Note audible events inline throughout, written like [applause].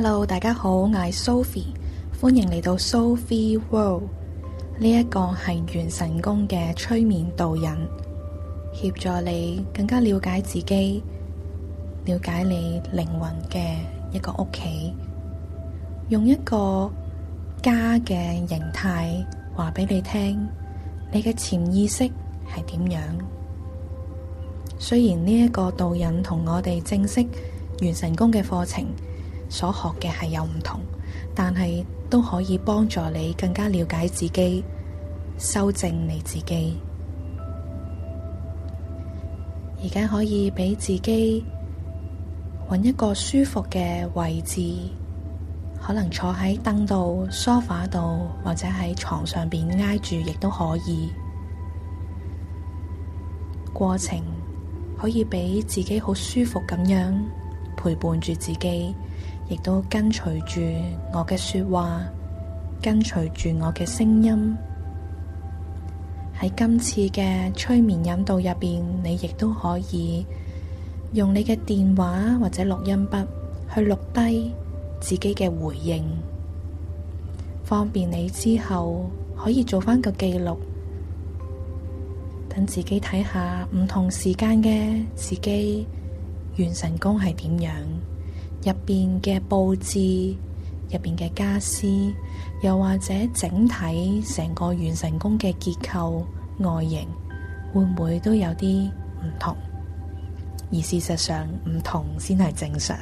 Hello，大家好，我係 Sophy，歡迎嚟到 Soul Free World。呢一個係元辰宮嘅催眠導引，協助你更加了解自己，了解你靈魂嘅一個屋企，用一個家嘅形態話俾你聽，你嘅潛意識係點樣。雖然呢一個導引同我哋正式元辰宮嘅課程，所學嘅係有唔同，但係都可以幫助你更加了解自己，修正你自己。而家可以畀自己揾一個舒服嘅位置，可能坐喺凳度、梳化度，或者喺床上邊挨住，亦都可以。過程可以畀自己好舒服咁樣陪伴住自己。亦都跟隨住我嘅說話，跟隨住我嘅聲音。喺今次嘅催眠引導入邊，你亦都可以用你嘅電話或者錄音筆去錄低自己嘅回應，方便你之後可以做翻個記錄，等自己睇下唔同時間嘅自己元辰宮係點樣。入邊嘅布置，入邊嘅家私，又或者整體成個元辰宮嘅結構外形，會唔會都有啲唔同？而事實上唔同先係正常，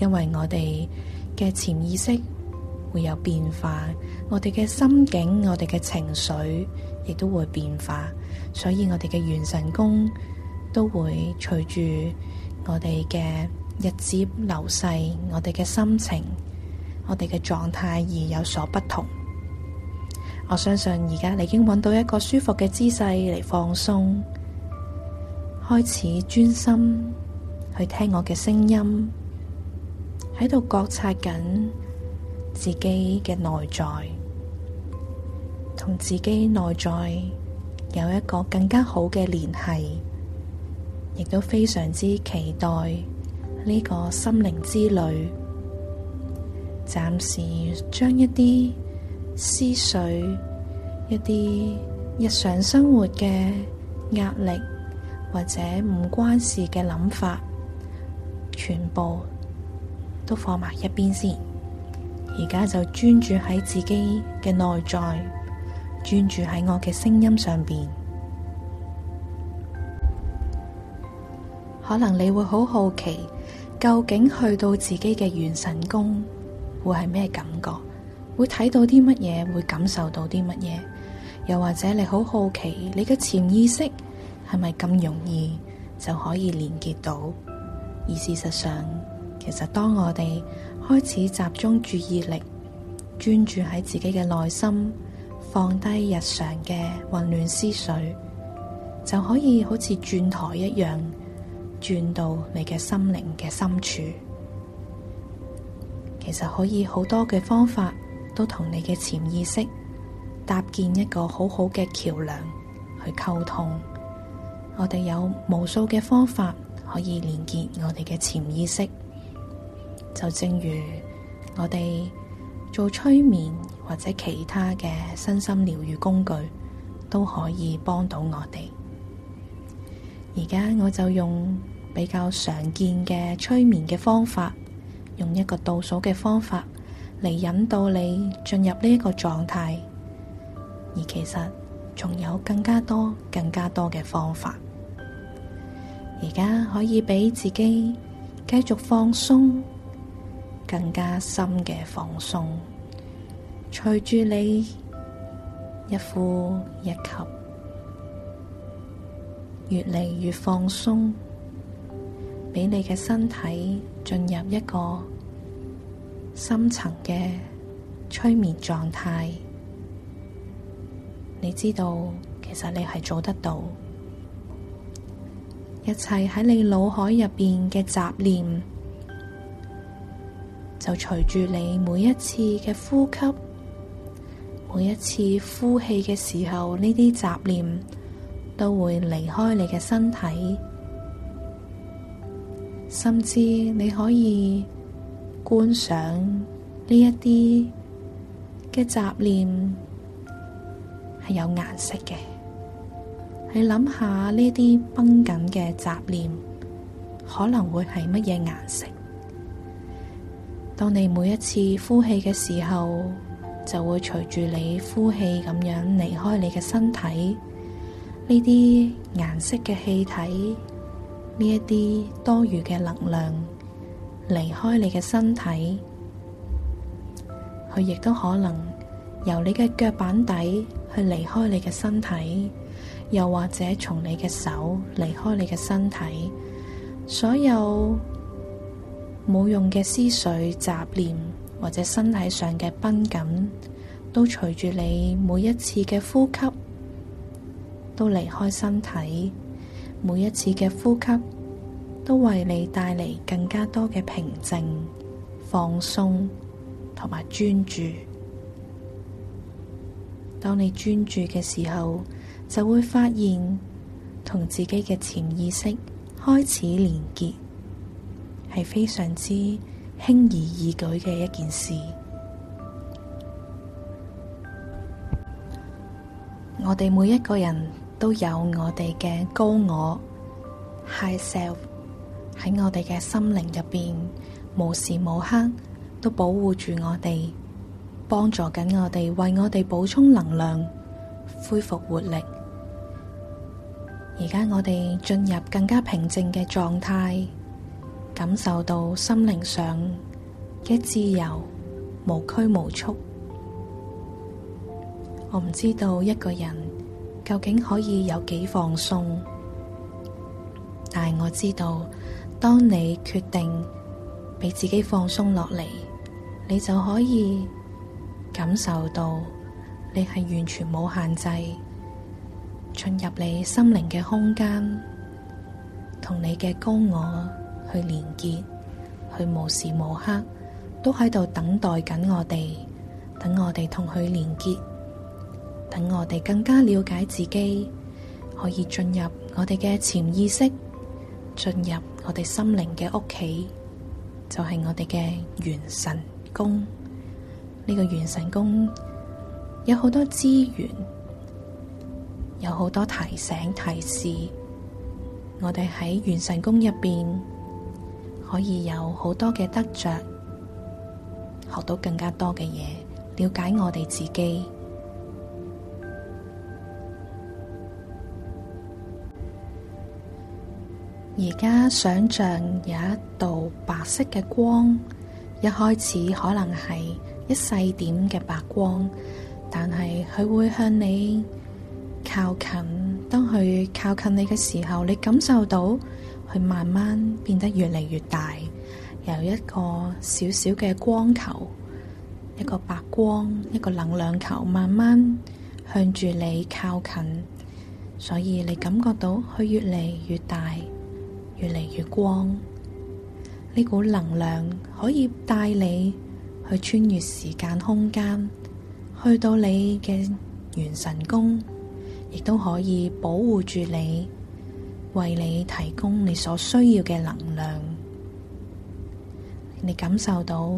因為我哋嘅潛意識會有變化，我哋嘅心境、我哋嘅情緒亦都會變化，所以我哋嘅元辰宮都會隨住我哋嘅。日子流逝，我哋嘅心情，我哋嘅狀態而有所不同。我相信而家你已經揾到一個舒服嘅姿勢嚟放鬆，開始專心去聽我嘅聲音，喺度覺察緊自己嘅內在，同自己內在有一個更加好嘅聯繫，亦都非常之期待。呢個心靈之旅，暫時將一啲思緒、一啲日常生活嘅壓力或者唔關事嘅諗法，全部都放埋一邊先。而家就專注喺自己嘅內在，專注喺我嘅聲音上邊。可能你會好好奇。究竟去到自己嘅元辰宮會係咩感覺？會睇到啲乜嘢？會感受到啲乜嘢？又或者你好好奇你嘅潛意識係咪咁容易就可以連結到？而事實上，其實當我哋開始集中注意力，專注喺自己嘅內心，放低日常嘅混亂思緒，就可以好似轉台一樣。轉到你嘅心靈嘅深處，其實可以好多嘅方法都同你嘅潛意識搭建一個好好嘅橋梁去溝通。我哋有無數嘅方法可以連結我哋嘅潛意識，就正如我哋做催眠或者其他嘅身心療愈工具都可以幫到我哋。而家我就用比較常見嘅催眠嘅方法，用一個倒數嘅方法嚟引導你進入呢一個狀態。而其實仲有更加多、更加多嘅方法，而家可以俾自己繼續放鬆，更加深嘅放鬆。隨住你一呼一吸。越嚟越放鬆，俾你嘅身體進入一個深層嘅催眠狀態。你知道，其實你係做得到，一切喺你腦海入邊嘅雜念，就隨住你每一次嘅呼吸，每一次呼氣嘅時候，呢啲雜念。都會離開你嘅身體，甚至你可以觀賞呢一啲嘅雜念係有顏色嘅。你諗下呢啲繃緊嘅雜念可能會係乜嘢顏色？當你每一次呼氣嘅時候，就會隨住你呼氣咁樣離開你嘅身體。呢啲顏色嘅氣體，呢一啲多餘嘅能量離開你嘅身體，佢亦都可能由你嘅腳板底去離開你嘅身體，又或者從你嘅手離開你嘅身體。所有冇用嘅思緒雜念，或者身體上嘅繃緊，都隨住你每一次嘅呼吸。都離開身體，每一次嘅呼吸都為你帶嚟更加多嘅平靜、放鬆同埋專注。當你專注嘅時候，就會發現同自己嘅潛意識開始連結，係非常之輕而易舉嘅一件事。我哋每一個人。都有我哋嘅高我，high self，喺我哋嘅心靈入邊，無時無刻都保護住我哋，幫助緊我哋，為我哋補充能量，恢復活力。而家我哋進入更加平靜嘅狀態，感受到心靈上嘅自由，無拘無束。我唔知道一個人。究竟可以有幾放鬆？但係我知道，當你決定俾自己放鬆落嚟，你就可以感受到你係完全冇限制，進入你心靈嘅空間，同你嘅高我去連結，去無時無刻都喺度等待緊我哋，等我哋同佢連結。等我哋更加了解自己，可以進入我哋嘅潛意識，進入我哋心靈嘅屋企，就係我哋嘅元辰宮。呢個元辰宮有好多資源，有好多提醒提示。我哋喺元辰宮入邊，可以有好多嘅得着，學到更加多嘅嘢，了解我哋自己。而家想像有一道白色嘅光，一開始可能係一細點嘅白光，但係佢會向你靠近。當佢靠近你嘅時候，你感受到佢慢慢變得越嚟越大，由一個小小嘅光球，一個白光，一個能量球，慢慢向住你靠近，所以你感覺到佢越嚟越大。越嚟越光，呢股能量可以帶你去穿越時間空間，去到你嘅元辰宮，亦都可以保護住你，為你提供你所需要嘅能量。你感受到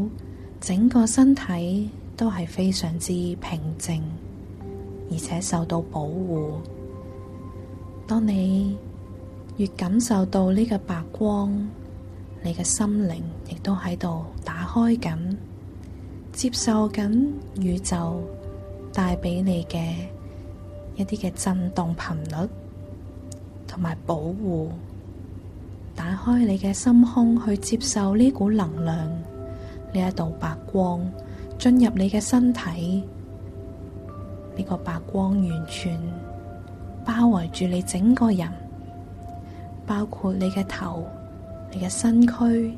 整個身體都係非常之平靜，而且受到保護。當你越感受到呢個白光，你嘅心靈亦都喺度打開緊，接受緊宇宙帶俾你嘅一啲嘅震動頻率，同埋保護。打開你嘅心胸去接受呢股能量，呢一道白光進入你嘅身體，呢個白光完全包圍住你整個人。包括你嘅頭、你嘅身軀、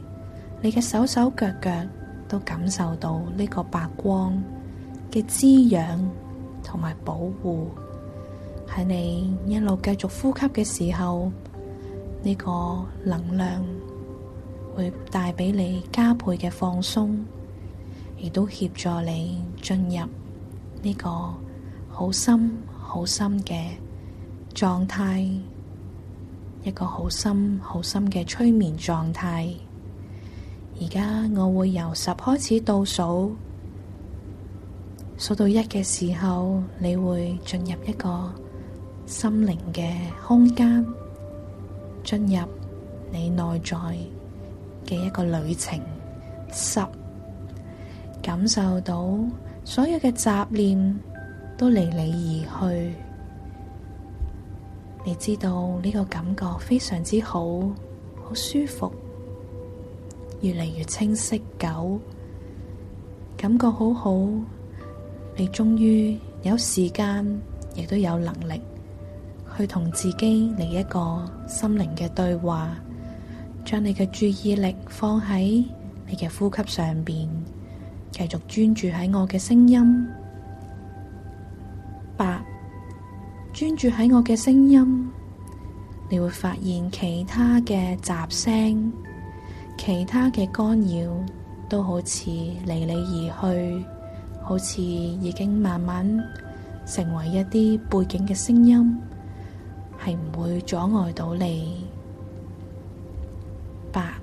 你嘅手手腳腳都感受到呢個白光嘅滋養同埋保護。喺你一路繼續呼吸嘅時候，呢個能量會帶俾你加倍嘅放鬆，亦都協助你進入呢個好深好深嘅狀態。一個好深、好深嘅催眠狀態。而家我會由十開始倒數，數到一嘅時候，你會進入一個心靈嘅空間，進入你內在嘅一個旅程。十，感受到所有嘅雜念都離你而去。你知道，呢個感覺非常之好，好舒服，越嚟越清晰，九感覺好好。你終於有時間，亦都有能力去同自己嚟一個心靈嘅對話，將你嘅注意力放喺你嘅呼吸上面，繼續專注喺我嘅聲音。八。專注喺我嘅聲音，你會發現其他嘅雜聲、其他嘅干擾都好似離你而去，好似已經慢慢成為一啲背景嘅聲音，係唔會阻礙到你。八，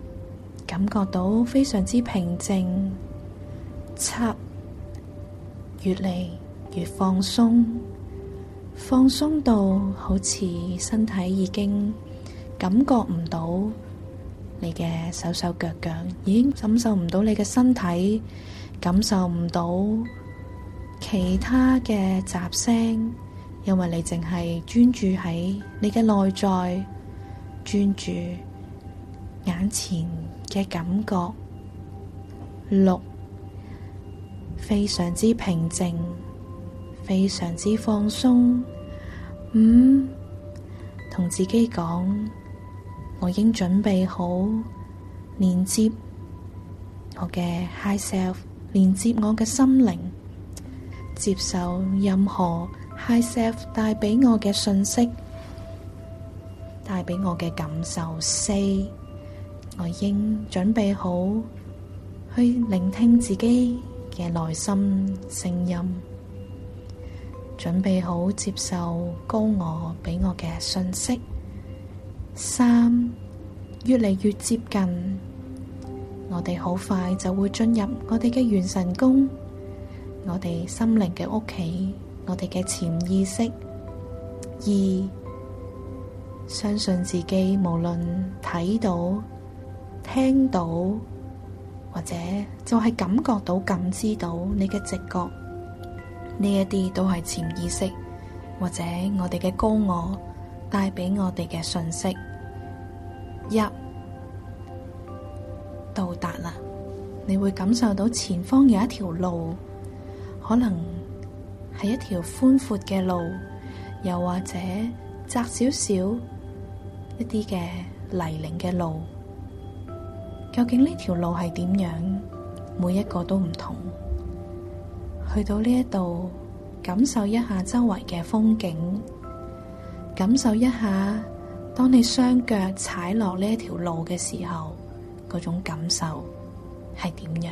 感覺到非常之平靜。七，越嚟越放鬆。放鬆到好似身體已經感覺唔到你嘅手手腳腳，已經感受唔到你嘅身體，感受唔到其他嘅雜聲，因為你淨係專注喺你嘅內在，專注眼前嘅感覺，六，非常之平靜。非常之放鬆，五、嗯、同自己講，我已經準備好連接我嘅 high self，連接我嘅心靈，接受任何 high self 帶畀我嘅信息，帶畀我嘅感受。四、我已經準備好去聆聽自己嘅內心聲音。準備好接受高我畀我嘅信息。三、越嚟越接近，我哋好快就會進入我哋嘅元辰宮，我哋心靈嘅屋企，我哋嘅潛意識。二、相信自己，無論睇到，聽到或者就係感覺到，感知到你嘅直覺。呢一啲都係潛意識或者我哋嘅高我帶俾我哋嘅訊息，一到達啦，你會感受到前方有一條路，可能係一條寬闊嘅路，又或者窄少少一啲嘅泥濘嘅路。究竟呢條路係點樣？每一個都唔同。去到呢一度，感受一下周圍嘅風景，感受一下當你雙腳踩落呢一條路嘅時候，嗰種感受係點樣？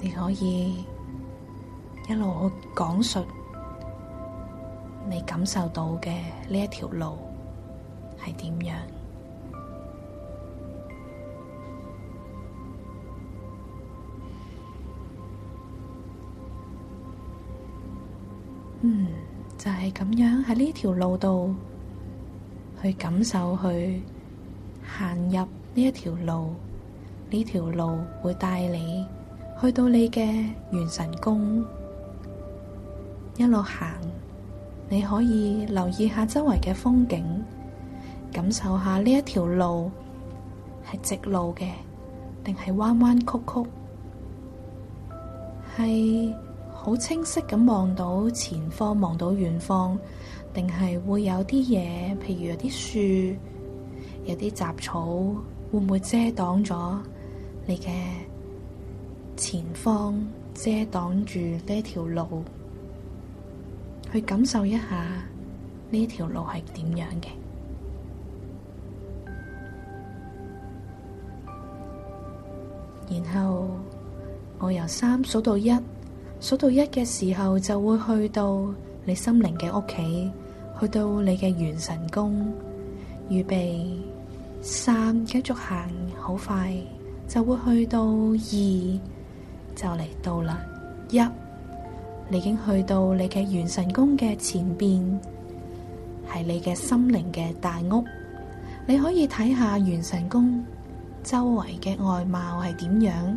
你可以一路去講述你感受到嘅呢一條路係點樣。嗯，就係咁樣喺呢條路度去感受，去行入呢一條路，呢條路會帶你去到你嘅元辰宮。一路行，你可以留意下周圍嘅風景，感受下呢一條路係直路嘅，定係彎彎曲曲？係。好清晰咁望到前方，望到遠方，定係會有啲嘢，譬如有啲樹，有啲雜草，會唔會遮擋咗你嘅前方，遮擋住呢條路？去感受一下呢條路係點樣嘅。然後我由三數到一。數到一嘅時候，就會去到你心靈嘅屋企，去到你嘅元辰宮。預備，三，繼續行，好快，就會去到二，就嚟到啦！一，你已經去到你嘅元辰宮嘅前邊，係你嘅心靈嘅大屋，你可以睇下元辰宮周圍嘅外貌係點樣。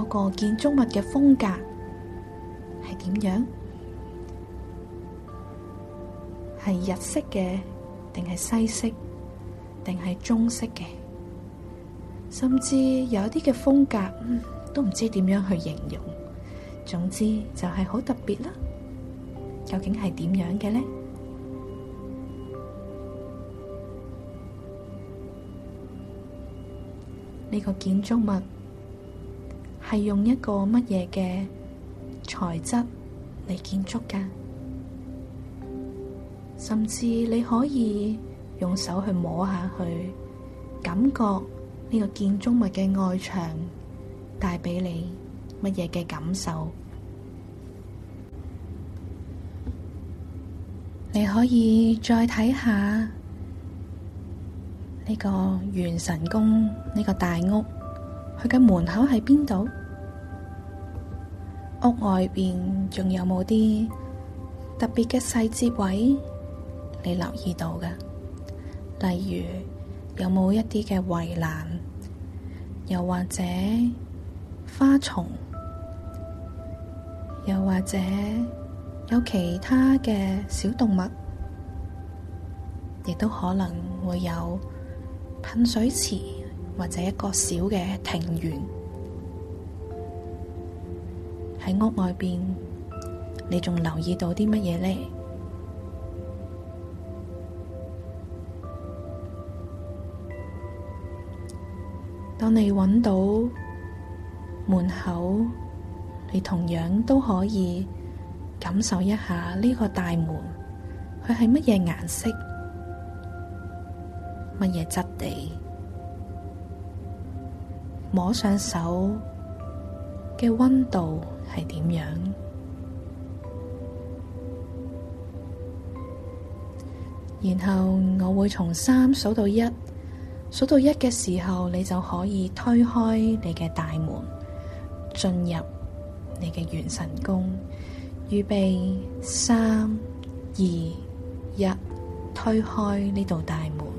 嗰個建築物嘅風格係點樣？係日式嘅，定係西式，定係中式嘅？甚至有啲嘅風格都唔知點樣去形容。總之就係好特別啦。究竟係點樣嘅呢？呢個建築物。係用一個乜嘢嘅材質嚟建築噶？甚至你可以用手去摸下佢，感覺呢個建築物嘅外牆帶俾你乜嘢嘅感受？你可以再睇下呢個元辰宮呢個大屋，佢嘅門口喺邊度？屋外邊仲有冇啲特別嘅細節位你留意到嘅？例如有冇一啲嘅圍欄，又或者花叢，又或者有其他嘅小動物，亦都可能會有噴水池，或者一個小嘅庭園。喺屋外邊，你仲留意到啲乜嘢呢？當你搵到門口，你同樣都可以感受一下呢個大門，佢係乜嘢顏色，乜嘢質地，摸上手。嘅溫度係點樣？然後我會從三數到一，數到一嘅時候，你就可以推開你嘅大門，進入你嘅元辰宮，預備三二一，推開呢道大門。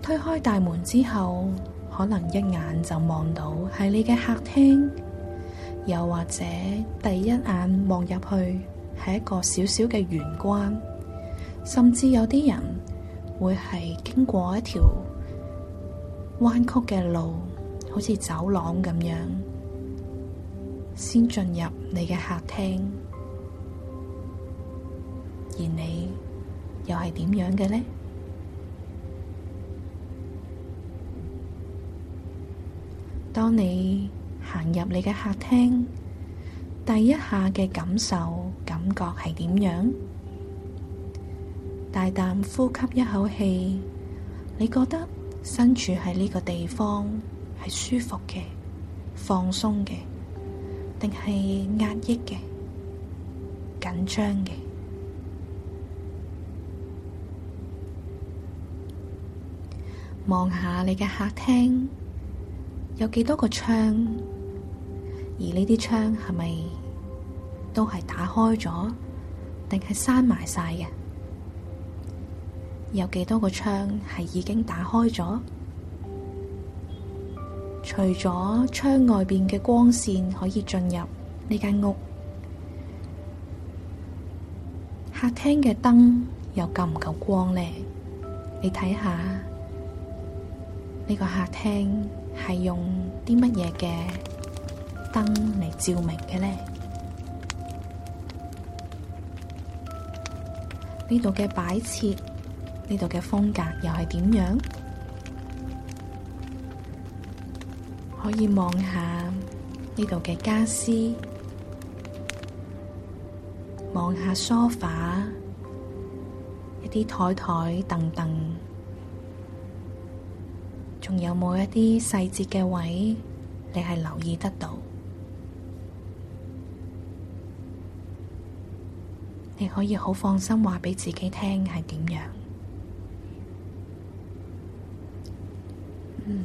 推開大門之後。可能一眼就望到係你嘅客廳，又或者第一眼望入去係一個小小嘅玄關，甚至有啲人會係經過一條彎曲嘅路，好似走廊咁樣，先進入你嘅客廳，而你又係點樣嘅咧？當你行入你嘅客廳，第一下嘅感受、感覺係點樣？大啖呼吸一口氣，你覺得身處喺呢個地方係舒服嘅、放鬆嘅，定係壓抑嘅、緊張嘅？望下你嘅客廳。有幾多個窗？而呢啲窗係咪都係打開咗，定係閂埋晒嘅？有幾多個窗係已經打開咗？除咗窗外邊嘅光線可以進入呢間屋，客廳嘅燈又夠唔夠光咧？你睇下呢個客廳。係用啲乜嘢嘅燈嚟照明嘅呢？呢度嘅擺設，呢度嘅風格又係點樣？可以望下呢度嘅家私，望下梳化，一啲台台凳凳。仲有冇一啲細節嘅位，你係留意得到？你可以好放心話俾自己聽係點樣？嗯，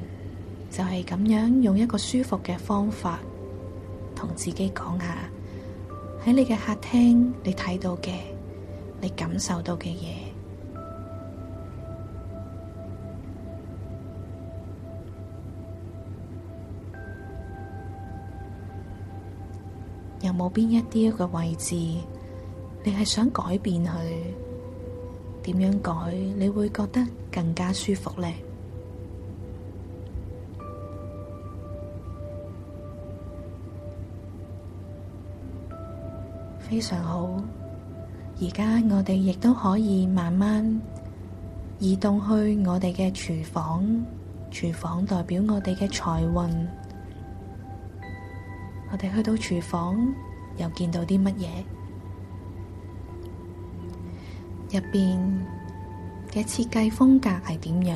就係咁樣用一個舒服嘅方法，同自己講下喺你嘅客廳，你睇到嘅，你感受到嘅嘢。冇邊一啲嘅位置，你係想改變佢？點樣改你會覺得更加舒服呢？非常好，而家我哋亦都可以慢慢移動去我哋嘅廚房，廚房代表我哋嘅財運。我哋去到廚房，又見到啲乜嘢？入邊嘅設計風格係點樣？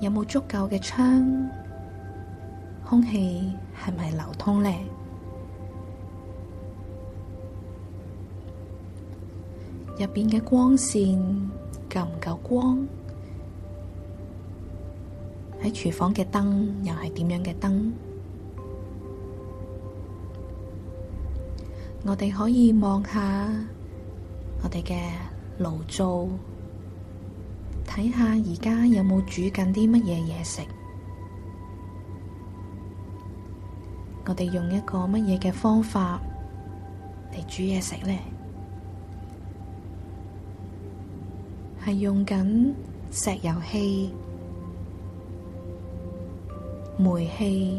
有冇足夠嘅窗？空氣係咪流通咧？入邊嘅光線夠唔夠光？喺廚房嘅燈又係點樣嘅燈？ [noise] 我哋可以望下我哋嘅爐灶，睇下而家有冇煮緊啲乜嘢嘢食。 [noise] 我哋用一個乜嘢嘅方法嚟煮嘢食呢？係用緊石油氣、煤氣，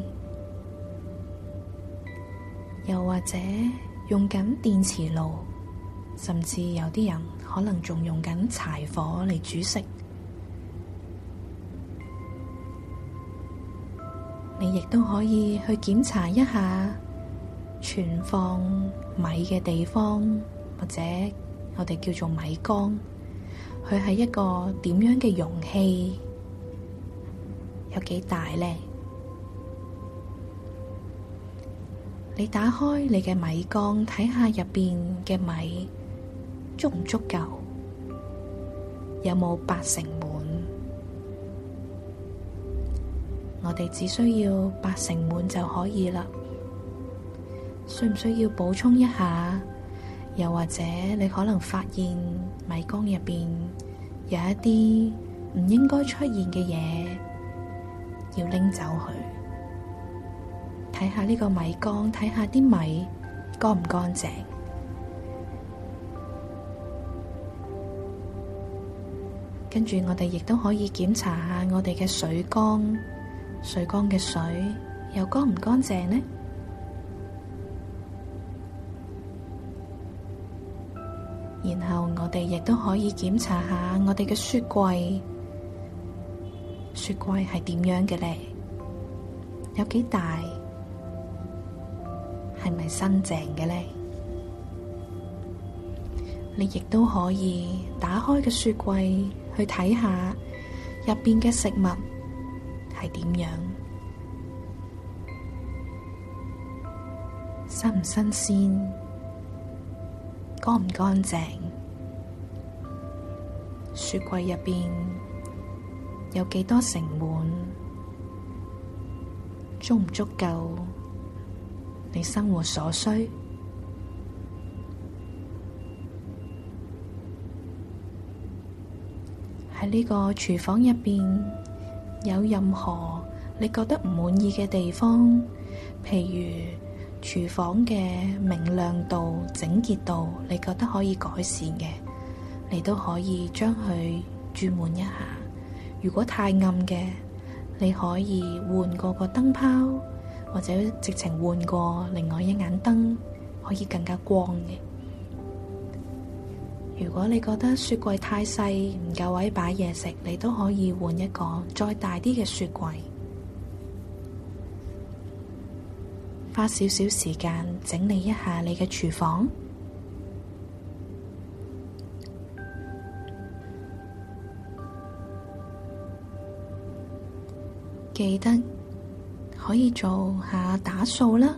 又或者用緊電磁爐，甚至有啲人可能仲用緊柴火嚟煮食，你亦都可以去檢查一下存放米嘅地方，或者我哋叫做米缸，佢係一個點樣嘅容器，有幾大咧？你打開你嘅米缸，睇下入邊嘅米，足唔足夠？有冇八成滿？我哋只需要八成滿就可以啦。需唔需要補充一下？又或者你可能發現米缸入邊有一啲唔應該出現嘅嘢，要拎走佢。睇下呢個米缸，睇下啲米乾唔乾淨。跟住我哋亦都可以檢查下我哋嘅水缸，水缸嘅水又乾唔乾淨呢？然後我哋亦都可以檢查下我哋嘅雪櫃，雪櫃係點樣嘅呢？有幾大？係咪新淨嘅咧？你亦都可以打開個雪櫃去睇下入邊嘅食物係點樣，新唔新鮮，乾唔乾淨？雪櫃入邊有幾多成滿，足唔足夠？生活所需喺呢個廚房入邊，有任何你覺得唔滿意嘅地方，譬如廚房嘅明亮度、整潔度，你覺得可以改善嘅，你都可以將佢轉換一下。如果太暗嘅，你可以換過個燈泡。或者直情換過另外一眼燈，可以更加光嘅。如果你覺得雪櫃太細，唔夠位擺嘢食，你都可以換一個再大啲嘅雪櫃。花少少時間整理一下你嘅廚房，記得。可以做下打掃啦，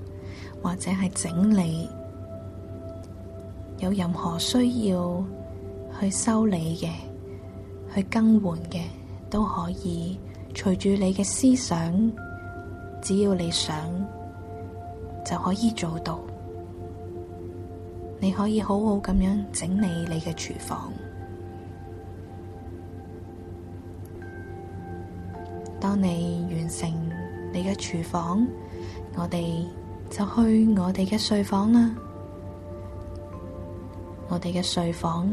或者係整理，有任何需要去修理嘅，去更換嘅，都可以。隨住你嘅思想，只要你想，就可以做到。你可以好好咁樣整理你嘅廚房。當你完成。你嘅廚房，我哋就去我哋嘅睡房啦。我哋嘅睡房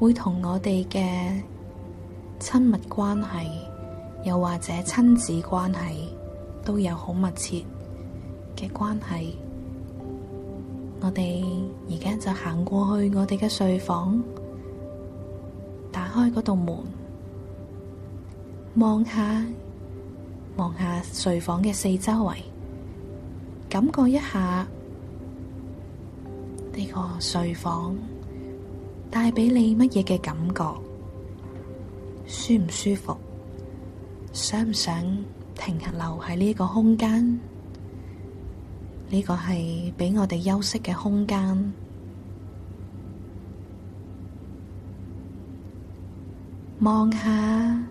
會同我哋嘅親密關係，又或者親子關係，都有好密切嘅關係。我哋而家就行過去我哋嘅睡房，打開嗰道門，望下，望下睡房嘅四周圍，感覺一下呢個睡房帶畀你乜嘢嘅感覺？舒唔舒服？想唔想停留喺呢個空間？呢個係畀我哋休息嘅空間。望下。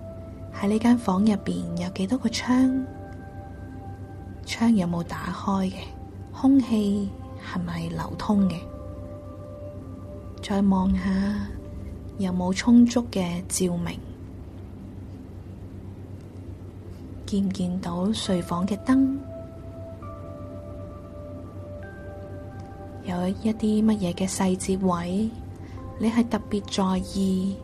喺呢間房入邊有幾多個窗？窗有冇打開嘅？空氣係咪流通嘅？再望下有冇充足嘅照明？見唔見到睡房嘅燈？有一啲乜嘢嘅細節位，你係特別在意？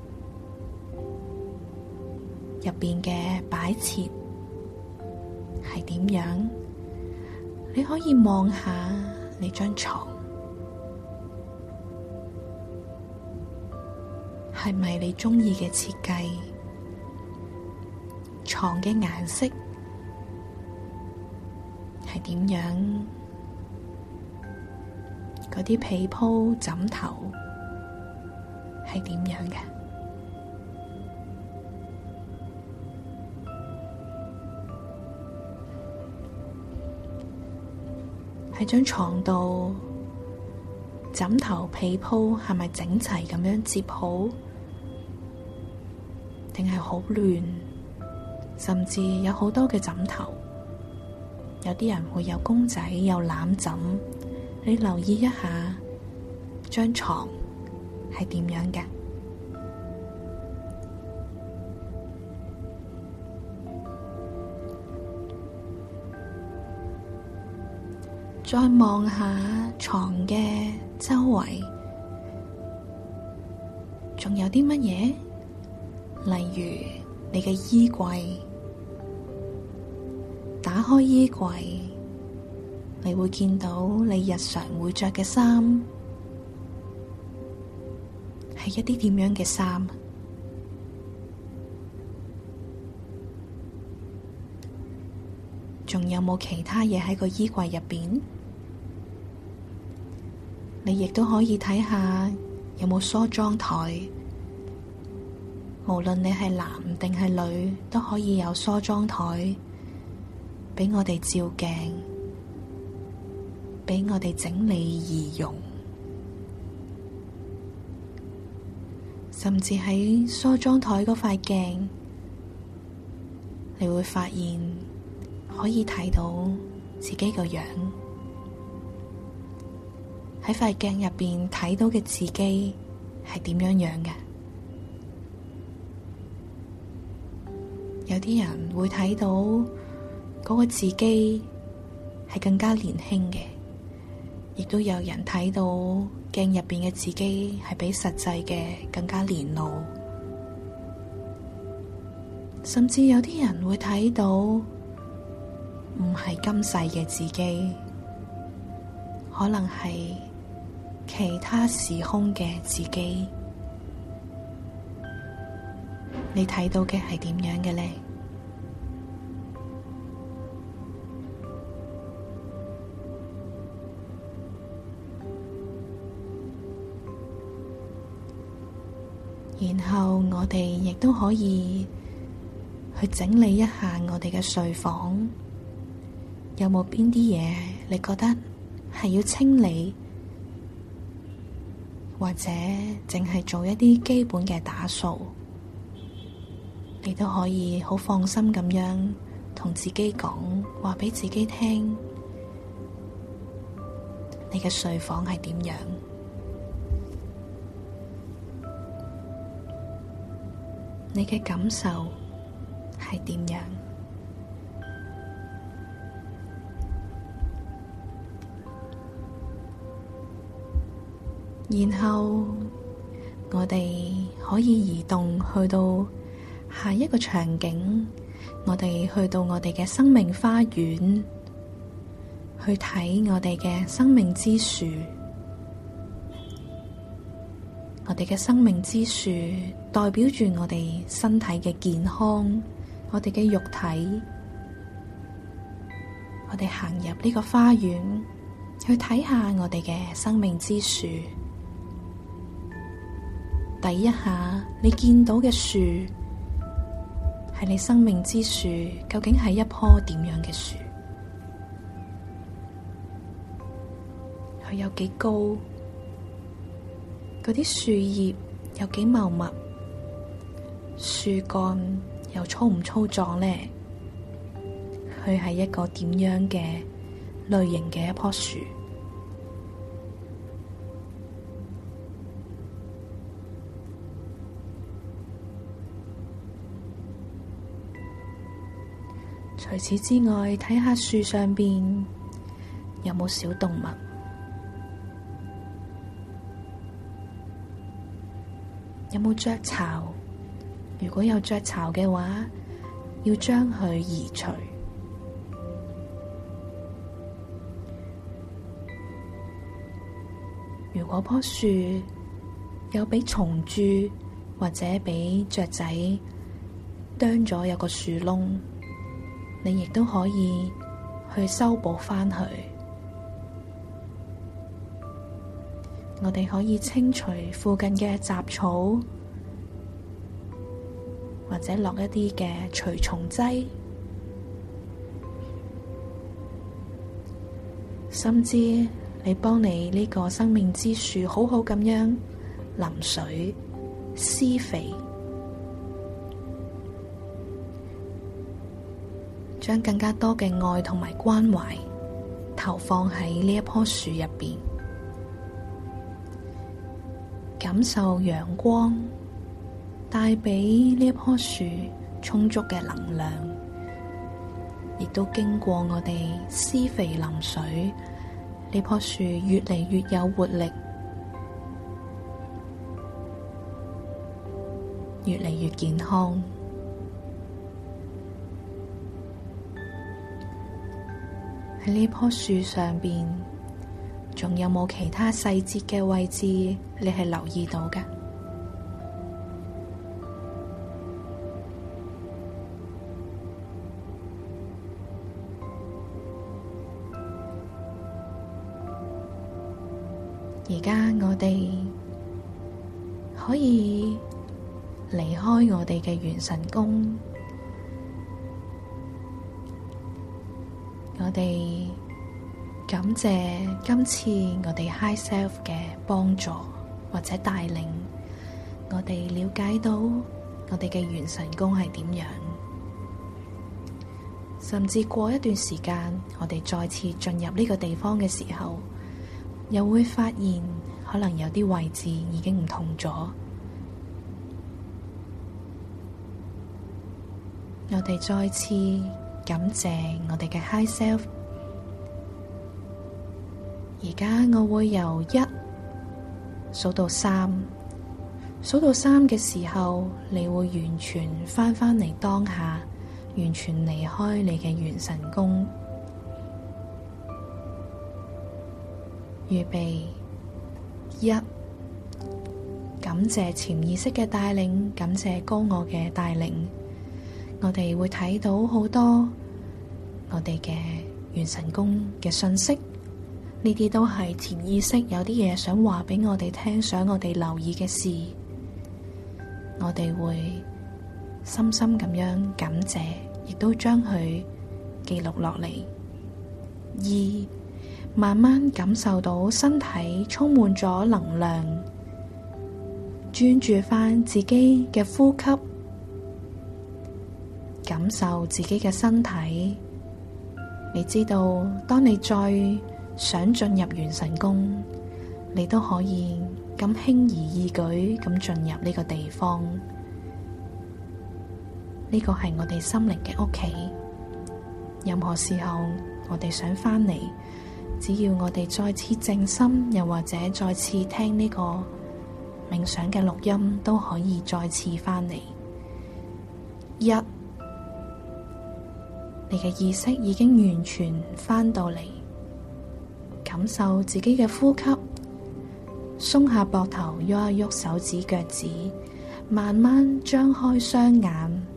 入邊嘅擺設係點樣？你可以望下你張床係咪你鍾意嘅設計？床嘅顏色係點樣？嗰啲被鋪枕頭係點樣嘅？喺張床度，枕頭被鋪係咪整齊咁樣接好？定係好亂？甚至有好多嘅枕頭，有啲人會有公仔，有攬枕。你留意一下張床係點樣嘅？再望下床嘅周圍，仲有啲乜嘢？例如你嘅衣櫃，打開衣櫃，你會見到你日常會着嘅衫，係一啲點樣嘅衫？仲有冇其他嘢喺個衣櫃入邊？你亦都可以睇下有冇梳妝台，無論你係男定係女，都可以有梳妝台俾我哋照鏡，俾我哋整理儀容，甚至喺梳妝台嗰塊鏡，你會發現可以睇到自己個樣。喺塊鏡入邊睇到嘅自己係點樣樣嘅？有啲人會睇到嗰個自己係更加年輕嘅，亦都有人睇到鏡入邊嘅自己係比實際嘅更加年老，甚至有啲人會睇到唔係今世嘅自己，可能係。其他時空嘅自己，你睇到嘅係點樣嘅呢？然後我哋亦都可以去整理一下我哋嘅睡房，有冇邊啲嘢你覺得係要清理？或者淨係做一啲基本嘅打掃，你都可以好放心咁樣同自己講話俾自己聽，你嘅睡房係點樣？你嘅感受係點樣？然後我哋可以移動去到下一個場景，我哋去到我哋嘅生命花園，去睇我哋嘅生命之樹。我哋嘅生命之樹代表住我哋身體嘅健康，我哋嘅肉體。我哋行入呢個花園，去睇下我哋嘅生命之樹。睇一下你見到嘅樹，係你生命之樹，究竟係一棵點樣嘅樹？佢有幾高？嗰啲樹葉有幾茂密？樹幹又粗唔粗壯呢？佢係一個點樣嘅類型嘅一棵樹？除此之外，睇下樹上邊有冇小動物，有冇雀巢？如果有雀巢嘅話，要將佢移除。如果樖樹有畀蟲蛀，或者畀雀仔啄咗有個樹窿。你亦都可以去修補翻佢，我哋可以清除附近嘅雜草，或者落一啲嘅除蟲劑，甚至你幫你呢個生命之樹好好咁樣淋水、施肥。將更加多嘅愛同埋關懷投放喺呢一棵樹入邊，感受陽光帶俾呢一棵樹充足嘅能量，亦都經過我哋施肥淋水，呢棵樹越嚟越有活力，越嚟越健康。喺呢棵樹上邊，仲有冇其他細節嘅位置？你係留意到㗎。而家我哋可以離開我哋嘅元辰宮。我哋感謝今次我哋 High Self 嘅幫助或者帶領，我哋了解到我哋嘅元辰宮係點樣，甚至過一段時間我哋再次進入呢個地方嘅時候，又會發現可能有啲位置已經唔同咗，我哋再次。感謝我哋嘅 high self。而家我會由一數到三，數到三嘅時候，你會完全翻返嚟當下，完全離開你嘅元辰宮。預備一，感謝潛意識嘅帶領，感謝高我嘅帶領，我哋會睇到好多。我哋嘅元辰宮嘅信息，呢啲都係潛意識有啲嘢想話俾我哋聽，想我哋留意嘅事，我哋會深深咁樣感謝，亦都將佢記錄落嚟。二慢慢感受到身體充滿咗能量，專注翻自己嘅呼吸，感受自己嘅身體。你知道，當你再想進入元辰宮，你都可以咁輕而易舉咁進入呢個地方。呢個係我哋心靈嘅屋企。任何時候，我哋想翻嚟，只要我哋再次靜心，又或者再次聽呢個冥想嘅錄音，都可以再次翻嚟。一。你嘅意識已經完全翻到嚟，感受自己嘅呼吸，鬆下膊頭，喐一喐手指腳趾，慢慢張開雙眼。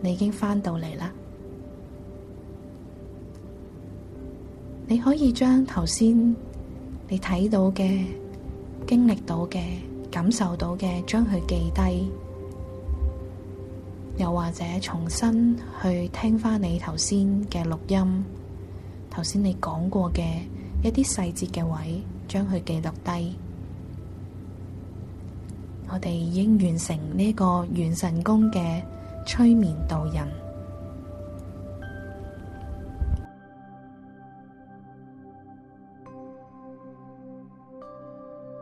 你已經翻到嚟啦，你可以將頭先你睇到嘅、經歷到嘅、感受到嘅，將佢記低。又或者重新去聽翻你頭先嘅錄音，頭先你講過嘅一啲細節嘅位，將佢記錄低。我哋已經完成呢個元辰宮嘅催眠導人。